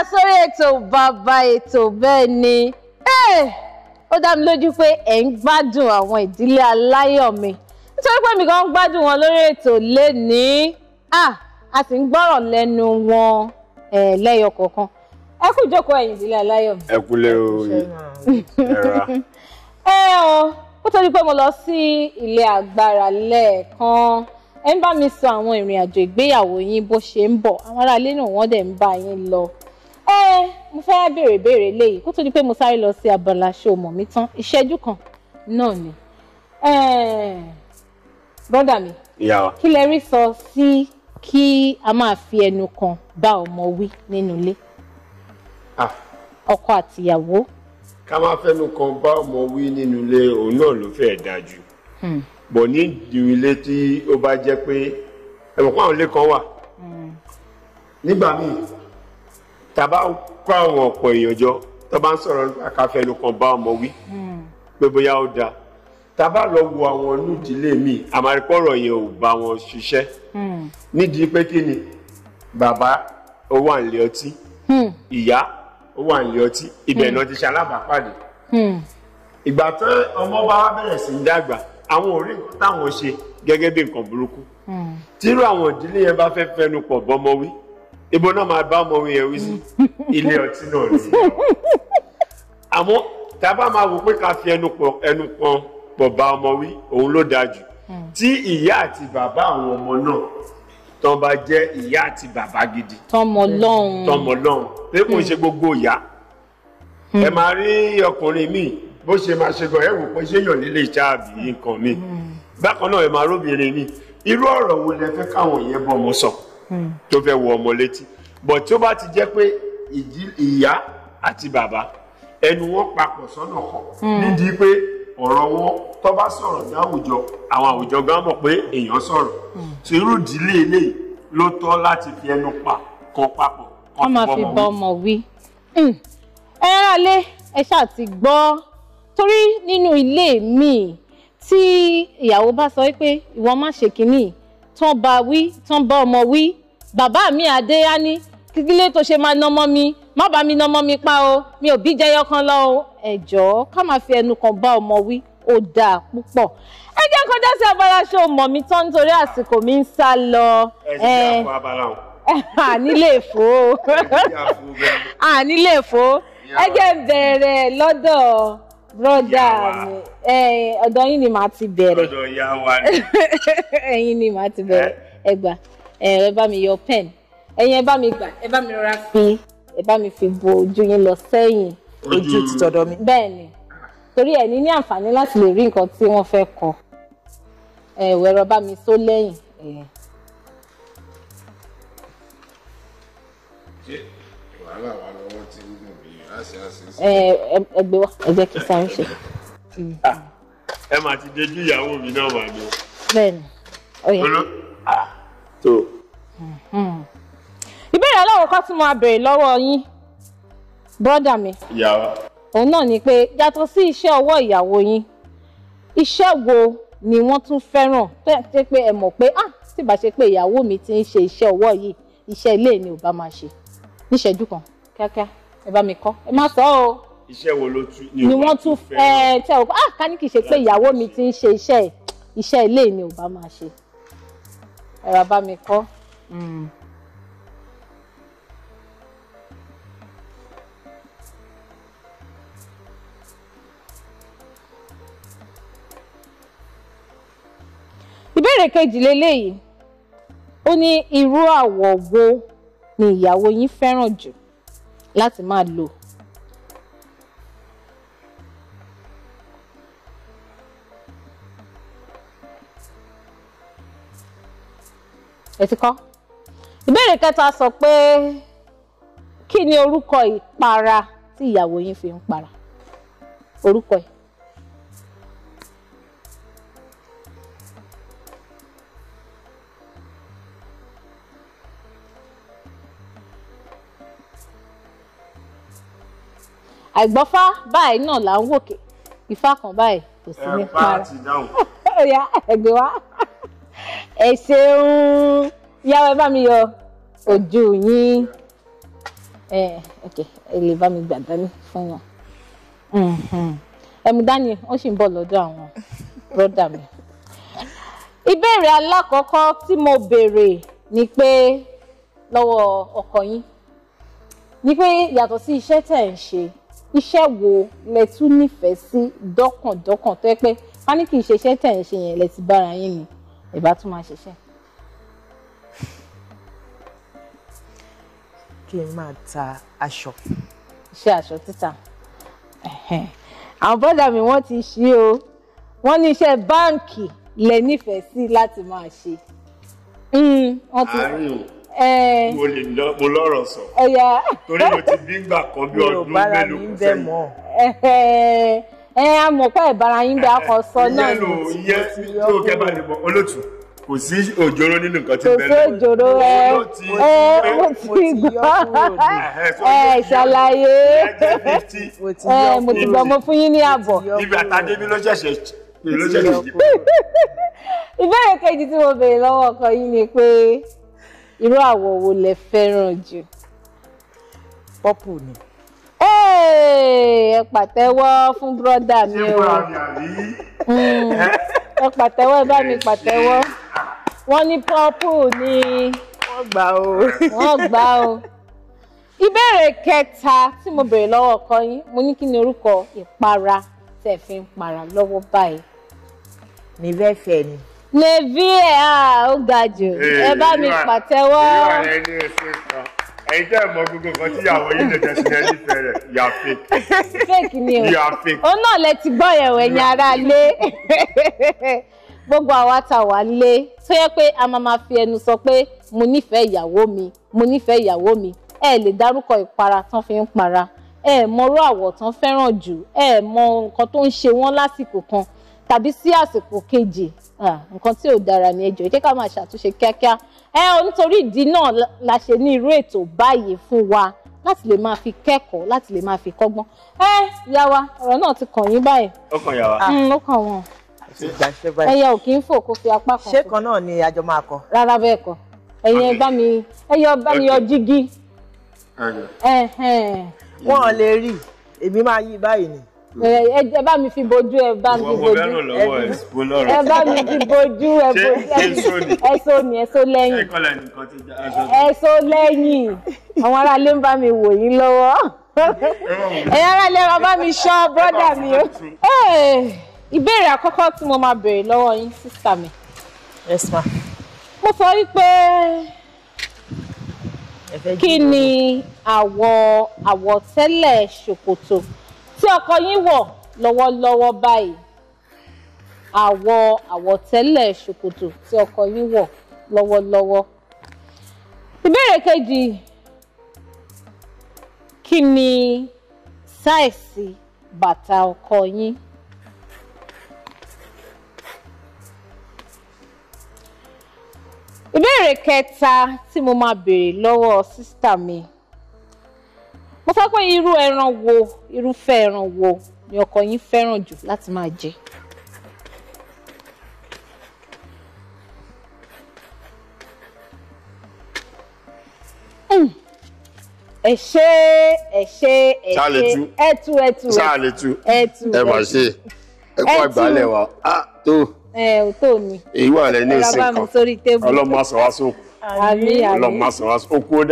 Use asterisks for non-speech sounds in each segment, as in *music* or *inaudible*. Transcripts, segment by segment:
padà sórí ètò bàbá ètò bẹ́ẹ̀ ni eh, ó dá mi lójú pé ẹ̀ ń gbádùn àwọn ìdílé aláyọ̀ mi nítorí pé mi kàn ń gbádùn wọn lórí ètò lénìí ah, a sì ń gbọ́rọ̀ lẹ́nu wọn eh, lẹ́yọ kọ̀ọ̀kan ẹ kú ìjókòó ẹ̀yìn ìdílé aláyọ̀ mi. ẹ kúlẹ̀ o ẹ̀rọ. ẹ ọ kó di pé mo lọ sí ilé agbára lẹ́ẹ̀kan ẹ ń bá mi sọ àwọn ìrìn àjò ìgbéyàwó yín bó ṣe ń bọ̀ àwọn aráalé náà wọ́n dẹ̀ ń bá yín lọ ẹ eh, mo fẹ́ béèrè béèrè léyìí kó tó di pé mo sáré lọ sí abala ṣe o mọ̀ mi tán ìṣẹ́jú kan náà ni eh, bọ́dà mi kí lẹ rí sọ sí kí a máa fi ẹnu kan bá ọmọ wí nínú ilé ah. ọkọ àtìyàwó. ká máa fẹnu kan bá ọmọ wí nínú ilé òun náà ló fẹ́ẹ̀ dájú hmm. bọ̀ ní ìdílé tí ó bá jẹ́ pé ẹ̀wọ̀n pàwọn ilé kan wà hmm. nígbà míì tàbá kó àwọn ọ̀pọ̀ èèyàn jọ tó bá ń sọ̀rọ̀ nípa káfẹ́nu kan bá ọmọ wí pé bóyá ó dáa tàbá lọ wo àwọn onídìílé mi àmàrípọ̀rọ̀ yẹn ò bá wọn ṣiṣẹ́ hmm. nídìí pé kí ni bàbá ó wà nílé ọtí hmm. ìyá ó wà nílé ọtí ibẹ̀ hmm. náà ti ṣe alábàápàdé ìgbà tán ọmọ bá wá bẹ̀rẹ̀ sí í dàgbà àwọn òrí táwọn ṣe gẹ́gẹ́ bí nǹkan burúkú tírú àwọn ìdílé yẹn bá fẹ́ fẹnu pọ̀ bọ́mọ wí ibo náà máa bá ọmọ yẹn wí sí ilé ọtí náà ni àmọ́ tábà máa wò pé ká fi ẹnu pọ̀ ẹnu pọn pọ̀ bá ọmọ wí òun ló dáa jù hmm. tí ìyá àti bàbá àwọn ọmọ náà tán bá jẹ́ ìyá àti bàbá gidi tọmọ lọ́hùn tọmọ lọ́hùn pé kò ń ṣe gbogbo ìyá hmm. ẹ máa rí ọkùnrin míì bó ṣe máa ṣe gan ẹ wò pé ṣéyàn nílé iṣẹ́ àbí nǹkan míì hmm. bákan náà ẹ máa róbìnrin míì irú ọ̀rọ̀ wo lẹ fẹ́ káwọn yẹn bọ́ ọmọ sọ. Hmm. tó fẹ́ wọ ọmọ létí bọ̀ tí ó bá ti jẹ́ pé ìyá àti bàbá ẹnu wọn papọ̀ sọ́nà kan hmm. nídìí pé ọ̀rọ̀ wọn tó bá sọ̀rọ̀ ní àwùjọ àwọn àwùjọ gan mọ̀ pé èèyàn sọ̀rọ̀ tí hmm. irú ìdílé eléyìí ló tọ́ láti fi ẹnu pa kan papọ̀ kan tó bọ́ ọmọ wí. wọ́n máa fi bọ́ ọmọ wí ẹ rà lé ẹ ṣáà ti gbọ́ torí nínú ilé mi tí ìyàwó bá sọ pé ìwọ má ṣe kínní tán bá wí tán bá ọmọ wí bàbá mi adé á ní kíkílé tó ṣe máa nọmọ mi má bá mi nọmọ mi pa o mi ò bí jẹyọ kan lọ o ẹ jọ̀ọ́ ká máa fi ẹnu kan bá ọmọ wí ó dáa púpọ̀ ẹ jẹ́ kó dá sí abala ṣé o mọ̀ mi tán nítorí àsìkò mi ń sá lọ. ẹ ṣe kí a fọ abala o. ànílé èfó ànílé èfó ẹ jẹ́ bẹ̀rẹ̀ lọ́dọ̀ broda mi ọ̀dọ̀ yín ni màá ti bẹ̀rẹ̀ ọ̀dọ̀ ìyá wa ni *laughs* ẹ̀yin ni màá ti bẹ̀rẹ̀ ẹgbàá ẹ ẹ bá mi yọ pen ẹyin ẹ mi gbà ẹ mi rọra fi ẹ mi fi bo ojú yín lọ sẹ́yìn ojú ti mi. bẹ́ẹ̀ ni torí ẹ̀ ní ní àǹfààní láti lè rí nǹkan tí wọ́n fẹ́ kọ ẹ̀wọ̀ ẹ̀rọ bá mi só lẹ́yìn. ẹgbẹ́ wa ẹ jẹ́ kí sáré ṣe. Ah, ẹ máa ti dojú ìyàwó mi náà wà ní. bẹ́ẹ̀ tó. Hmm. ìbéèrè aláwọ̀kọ́ tí mo béèrè lọ́wọ́ yín bọ́dà mi. ìyàwó. òun náà ni pé yàtọ̀ sí iṣẹ́ ọwọ́ ìyàwó yín iṣẹ́ wo ni wọ́n tún fẹ́ràn tó yẹ pé ẹ mọ̀ pé ah tí bá ṣe pé ìyàwó mi ti ń ṣe iṣẹ́ ọwọ́ yìí iṣẹ́ ilé mi ò bá máa ṣe níṣẹ́jú kan kíákíá ẹ bá mi kọ́ ẹ má sọ ọ́ iṣẹ́ wo ló tún ni wọ́n tún fẹ́ ẹ tẹ́ ọ ah ká ní kì í ṣe pé ìyàwó mi ti ń ṣe iṣẹ́ iṣẹ́ ilé mi ò bá máa ṣe ẹ̀rọ bá mi kọ́. Mm. ìbéèrè kejì leléyìí ó ní irú àwọ̀ wo ni ìyàwó yín fẹ́ràn jù láti máa lò ẹ ti kọ́ ìbéèrè kẹta sọ pé kí ni orúkọ ìpara tí ìyàwó yín fi ń para orúkọ ẹ̀. àìgbọ́fá báyìí náà là ń wòkè ìfá kan báyìí kò sí ní para ẹ̀ka ti dáhùn. *laughs* ó yá wa ẹ ṣeun yàwó ẹ bá mi yọ ojú yín ẹ lè bá mi gbà dání fún wọn mm-hmm. ẹmu dání ó sì ń bọ̀ lọ́dọ̀ àwọn bọ́dà mi. ìbéèrè alákọ̀ọ́kọ́ tí mo béèrè ni pé lọ́wọ́ ọkọ yín ni pé yàtọ̀ sí iṣẹ́ tẹ̀ ń ṣe iṣẹ́ wo lẹ tún nífẹ̀ẹ́ sí dọ́kàndọ́kàn tó yẹ pé ká ní tẹ̀ ń ṣe yẹn lẹ ti bára yín ni ìbá tún máa ṣiṣẹ́. kí n máa ta aṣọ. iṣẹ́ aṣọ títà àwọn bọ́dà mi wọ́n ti ṣí o wọ́n ní iṣẹ́ báǹkì lẹ nífẹ̀ẹ́ sí láti máa ṣe. Hmm, àárín o mo lè lọ mo lọ́rọ̀ sọ torí mo ti bí ń gbà kan bí ọdún mélòó kan ẹ amọ̀pá ìbára yín bẹ́ẹ̀ akọ̀ sọ náà ní ti yọ kó kẹ́ bá lè mọ olótù kò sí òjòrò nínú nǹkan tí bẹ́ẹ̀ lọ. kò sí òjòrò ẹ ẹ mo ti gbọ́ ẹ ṣàlàyé ẹ mo ti gbọ́ mo fún yín ní àbọ̀. ibi àtàdébí ló ṣẹ̀ṣẹ̀ ló ṣẹ̀ṣẹ̀ jù. ìbéèrè kejì tí mo béèrè lọ́wọ́ ọkọ yín ni pé irú àwọ̀ wo lẹ fẹ́ràn jù. pọ́pù ni ẹ pàtẹ́wọ́ fún bọ́dà mi o ẹ pàtẹ́wọ́ ẹ bá mi pàtẹ́wọ́ wọ́n ní pọ́pù ni wọ́n gbà o wọ́n gbà o ìbéèrè kẹta tí mo béèrè lọ́wọ́ ọkọ yín mo ní kí ni orúkọ ìpara tẹ̀ fi ń para lọ́wọ́ báyìí. níbẹ̀ fẹ́ ni. nevi ẹ̀ ó ga ẹ bá mi pàtẹ́wọ́. ìwà rẹ̀ ní èsì kan ẹ̀yin tẹ́ ẹ̀ mọ gbogbo nǹkan tí ìyàwó yín tẹ̀tẹ̀ sí ẹni fẹ̀rẹ̀ yà fake. fake ni o yà fake. òun náà lẹ ti gbọ́ yẹ̀wò ẹ̀yin ara lé gbogbo àwa tá wà lé tó yẹ pé a máa ma fi ẹnu sọ pé mo nífẹ̀ẹ́ ìyàwó mi mo nífẹ̀ẹ́ ìyàwó mi ẹ lè dárúkọ ìpara tán fi ń para ẹ mọrú àwọ̀ tán fẹ́ràn jù ẹ mọ nǹkan tó ń ṣe wọ́n lásìkò kan tàbí sí àsìkò kejì nǹkan tí ò dára ni ẹjọ́ jẹ́ ká máa ṣàtúnṣe kíákíá ẹ ọ nítorí ìdí náà la ṣe ní irú ètò báyìí fún wa láti lè máa fi kẹ́kọ̀ọ́ láti lè máa fi kọ́gbọ́n ẹ yá wa ọ̀rọ̀ náà ti kàn yín báyìí. ó kàn yá wa. Mm, ó kàn wọn. ẹyẹ ò kì í fò kó fi apá kan. ṣé kan náà ni àjọ máa kọ. rárá bẹ́ẹ̀ kọ́ ẹ̀yin bá mi ẹ̀yin bá mi yọ jígí. wọn lè rí èmi máa yí báyìí ni ẹ bá mi fi bojú ẹ bá mi fi bojú ẹ bá mi fi bojú ẹ bojú ẹ so ni ẹ so lẹ́yìn ẹ so lẹ́yìn àwọn aráalé ń bá mi wò yín lọ́wọ́ ẹ̀yin aráalé wa bá mi ṣọ́ bọ́dà mi o ìbéèrè àkọ́kọ́ tí mo máa béèrè lọ́wọ́ yín sísà mi. yes ma. mo sọ wípé kí ni àwọ̀ àwọ̀tẹ́lẹ̀ ṣòkòtò ọkọ yín wọ̀ lọ́wọ́lọ́wọ́ báyìí àwọ̀ àwọ̀tẹ́lẹ̀ ṣòkòtò tí ọkọ yín wọ̀ lọ́wọ́lọ́wọ́. ìbéèrè kejì kí ni sáìsì bàtà ọkọ yín? ìbéèrè kẹta tí mo máa béèrè lọ́wọ́ sísítà mi mo fẹ́ pé irú ẹran wo irúfẹ́ ẹran wo ni ọkọ yín fẹ́ràn jù láti máa jẹ. Hmm. ẹ ṣe ẹ ṣe ẹ ṣe ẹtu ẹtu ẹtu ẹtu ẹ mà ṣe ẹ kó àgbálẹ̀ wa ah, tó. èyí wà lẹ́nu ìsìn kan ọlọ́mọ aṣọ wa sókun àmì àmì ọlọ́run máa sọ wá sí wà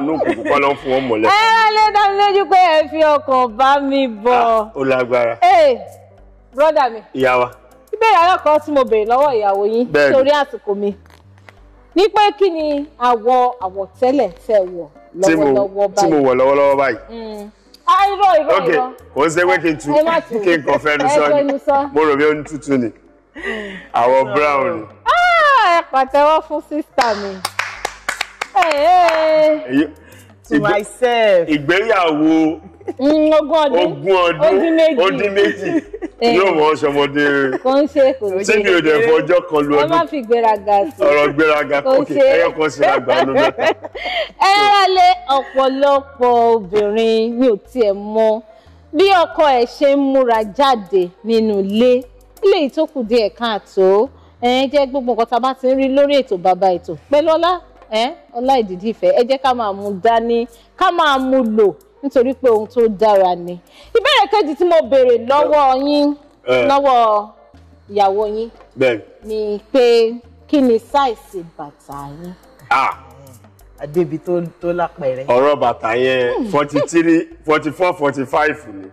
ní òkú púpọ̀ lọ́n fún wọn mọ̀lẹ́. ẹ rán lé lójú pé ẹ fi ọkàn bá mi bọ̀. Ah, ó lágbára. ee brọ́dà mi. ìyá wa. ìbéèrè alákọ̀ọ́ tí mo béèrè lọ́wọ́ ìyàwó yín torí àsìkò mi ní pé kí ni àwọ̀ àwọ̀tẹ́lẹ̀ tẹ́ wọ̀ lọ́wọ́lọ́wọ́ báyìí. tí mo wọ̀ lọ́wọ́lọ́wọ́ báyìí irọ́ mm. ah, irọ́ irọ́. ok kò ń ṣe pé kí n tu kí n kàn fẹnu sọ ni mo rò bí ó ń tutù ni àwọ̀ brown ni. Ah, ẹ ah, pàtẹ́wọ́ fún sísítà mi. to myself. ìgbéyàwó mm, ogún ọdún ọdún ọdún méjì yóò mọ ọsọmọdé kò ń ṣe kò ń ṣe tí mi ò dẹ̀ fọjọ́ kan lu ọdún wọ́n má fi gbéraga sí ọ̀rọ̀ gbéraga kókè ẹyọ kan sí àgbà ló mẹ́ta. ẹ rárá lé ọ̀pọ̀lọpọ̀ obìnrin mi ò tiẹ̀ mọ bí ọkọ ẹ̀ ṣe ń múra jáde nínú ilé ilé ìtókù díẹ̀ káàtó. jẹ gbogbo nǹkan tá a bá ti ń rí lórí ètò bàbá ètò pẹ̀lú ọlá ọlá ìdìdí ẹ jẹ ká máa mú dání ká máa mú lò nítorí pé ohun tó dára ni ìbéèrè kejì tí mo béèrè lọwọ yín ìyàwó yín ni pé kí ni sáìsì bàtà yín. àdébí tó lápẹẹrẹ. ọ̀rọ̀ bàtà yẹn hmm. forty three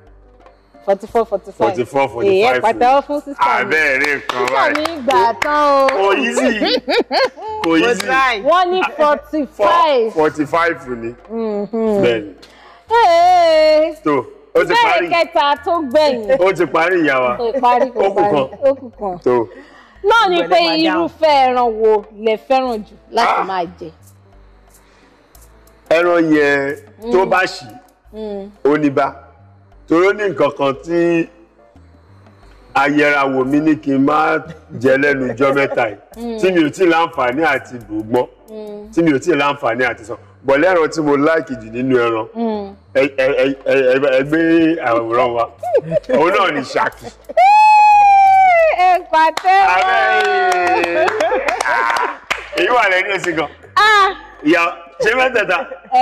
forty four forty five forty four forty five èyẹ pàtẹ́wọ́ fún sísá mi àbẹ́ẹ̀rẹ́ kan báyìí sísá mi gbà tán o kò yí sí *laughs* kò yí sí wọ́n ní forty five forty five ni mm-hmm. bẹ́ẹ̀ni tó ó ti parí bẹ́ẹ̀ kẹta tó gbẹ̀yìn ó ti parí ìyá wa ó parí ó kù kan ó kù kan tó náà ni pé irúfẹ́ ẹran wo lẹ fẹ́ràn jù láti ah! máa jẹ ẹran yẹn tó mm. bá ṣì mm. ó ní bá toró ní nǹkan kan tí ayẹrawò mi ní kí n má jẹ lẹ́nu ijọ́ mẹ́ta yìí hmm. tí mi ò tí láǹfààní àti dùgbọ́n hmm. tí mi ò tí láǹfààní àti sọ bọ̀lẹ́ ẹran tí mo láìkì jù nínú ẹran hmm. ẹgbẹ́ àwòrán wa òun náà ni ṣáàkì. *laughs* ẹ pàtẹ́wọ́. *laughs* èyí wà lẹ́nu èsì gan. Ah. ìyá ṣé mẹ́tẹ̀ẹ̀ta. ẹ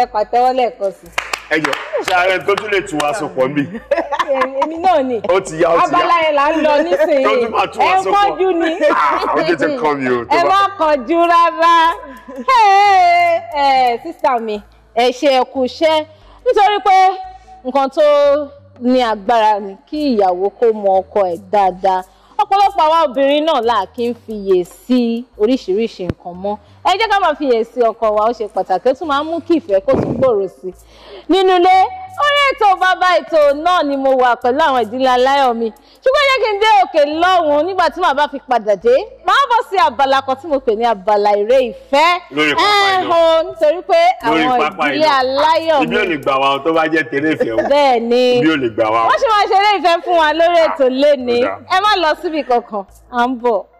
ẹ pàtẹ́wọ́ lẹ́ẹ̀kan sí. ẹ jọ ṣàrẹ tó tún lè tún wá sopọ̀ mi. *laughs* èmi náà ni ó ti yá ó ti yá abala yẹn là ń lọ nísìnyí ẹ kọjú ni ah, ó tètè kọ mi o. ẹ má kọjú rárá eh, sísá mi ẹ ṣe ẹ kú iṣẹ́ nítorí pé nǹkan tó ní agbára ni kí ìyàwó kó mọ ọkọ ẹ̀ dáadáa ọ̀pọ̀lọpọ̀ àwa obìnrin náà là kí ń fiyè sí oríṣiríṣi nǹkan mọ́ ẹ jẹ́ ká máa fiyè sí ọkọ wa ó ṣe pàtàkì ó tún máa ń mú kí ìfẹ́ kó tún gbòòrò sí i nínú ilé bá ètò náà ni mo wà pẹ̀lú àwọn ìdílé aláyọ̀ mi ṣùgbọ́n jẹ́ kí n dé òkè lọ́hùn nígbà tí màá bá fi padà dé màá bọ́ sí abala kan tí mo pè ní abala eré ìfẹ́ nítorí pé àwọn ìdílé aláyọ̀ mi ibi ò lè tó bá jẹ́ tẹ̀lé ìfẹ́ o bẹ́ẹ̀ ni wọ́n ṣe máa ṣeré ìfẹ́ fún wa lórí ètò léni ẹ má lọ síbi kankan à ń bọ̀.